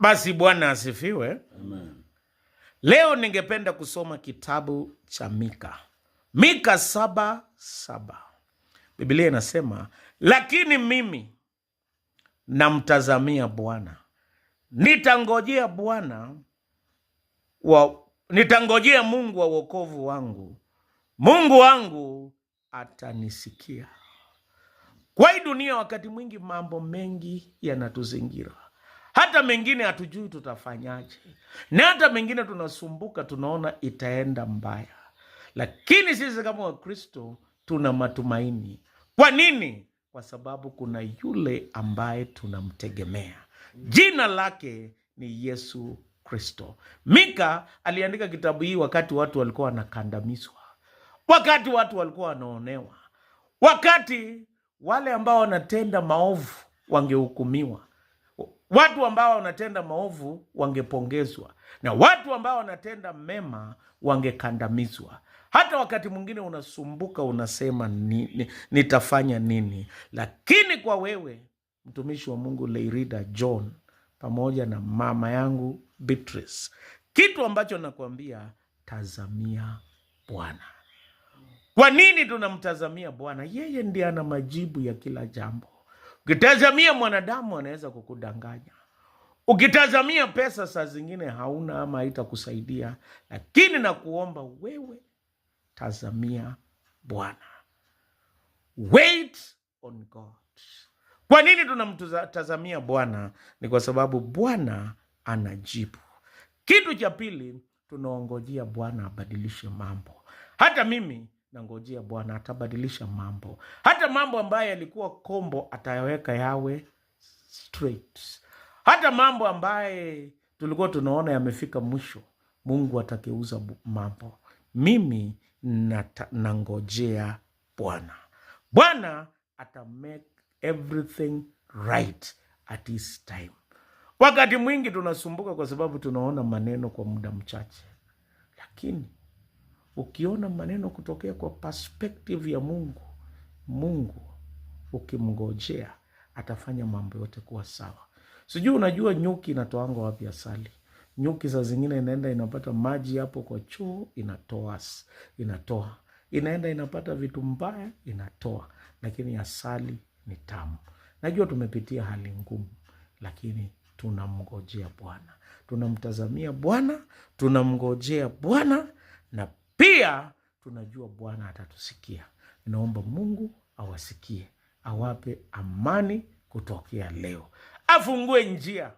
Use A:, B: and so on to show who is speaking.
A: Basi Bwana asifiwe. Amen. Leo ningependa kusoma kitabu cha Mika, Mika saba saba. Biblia inasema lakini mimi namtazamia Bwana, nitangojea Bwana wa, nitangojea Mungu wa wokovu wangu, Mungu wangu atanisikia. Kwa hii dunia, wakati mwingi mambo mengi yanatuzingira hata mengine hatujui tutafanyaje, na hata mengine tunasumbuka, tunaona itaenda mbaya, lakini sisi kama Wakristo tuna matumaini. Kwa nini? Kwa sababu kuna yule ambaye tunamtegemea, jina lake ni Yesu Kristo. Mika aliandika kitabu hii wakati watu walikuwa wanakandamizwa, wakati watu walikuwa wanaonewa, wakati wale ambao wanatenda maovu wangehukumiwa Watu ambao wanatenda maovu wangepongezwa na watu ambao wanatenda mema wangekandamizwa. Hata wakati mwingine unasumbuka, unasema nini, nitafanya nini? Lakini kwa wewe mtumishi wa Mungu Leirida John pamoja na mama yangu Beatrice, kitu ambacho nakuambia, tazamia Bwana. Kwa nini tunamtazamia Bwana? Yeye ndiye ana majibu ya kila jambo. Ukitazamia mwanadamu anaweza kukudanganya, ukitazamia pesa saa zingine hauna ama haitakusaidia, lakini nakuomba wewe tazamia Bwana, wait on God. Kwa nini tunamtazamia Bwana? Ni kwa sababu Bwana anajibu. Kitu cha pili, tunaongojea Bwana abadilishe mambo. Hata mimi nangojea Bwana atabadilisha mambo, hata mambo ambayo yalikuwa kombo atayaweka yawe straight. Hata mambo ambaye tulikuwa tunaona yamefika mwisho, Mungu atakeuza mambo. Mimi nata, nangojea Bwana. Bwana ata make everything right at his time. Wakati mwingi tunasumbuka kwa sababu tunaona maneno kwa muda mchache, lakini Ukiona maneno kutokea kwa perspective ya Mungu, Mungu ukimngojea atafanya mambo yote kuwa sawa. Sijui unajua nyuki inatoanga wapi asali? Nyuki saa zingine inaenda inapata maji hapo kwa choo, inatoa inatoa, inaenda inapata vitu mbaya, inatoa, lakini asali ni tamu. Najua tumepitia hali ngumu, lakini tunamngojea Bwana, tunamtazamia Bwana, tunamngojea Bwana na pia tunajua Bwana atatusikia. Naomba Mungu awasikie, awape amani kutokea leo, afungue njia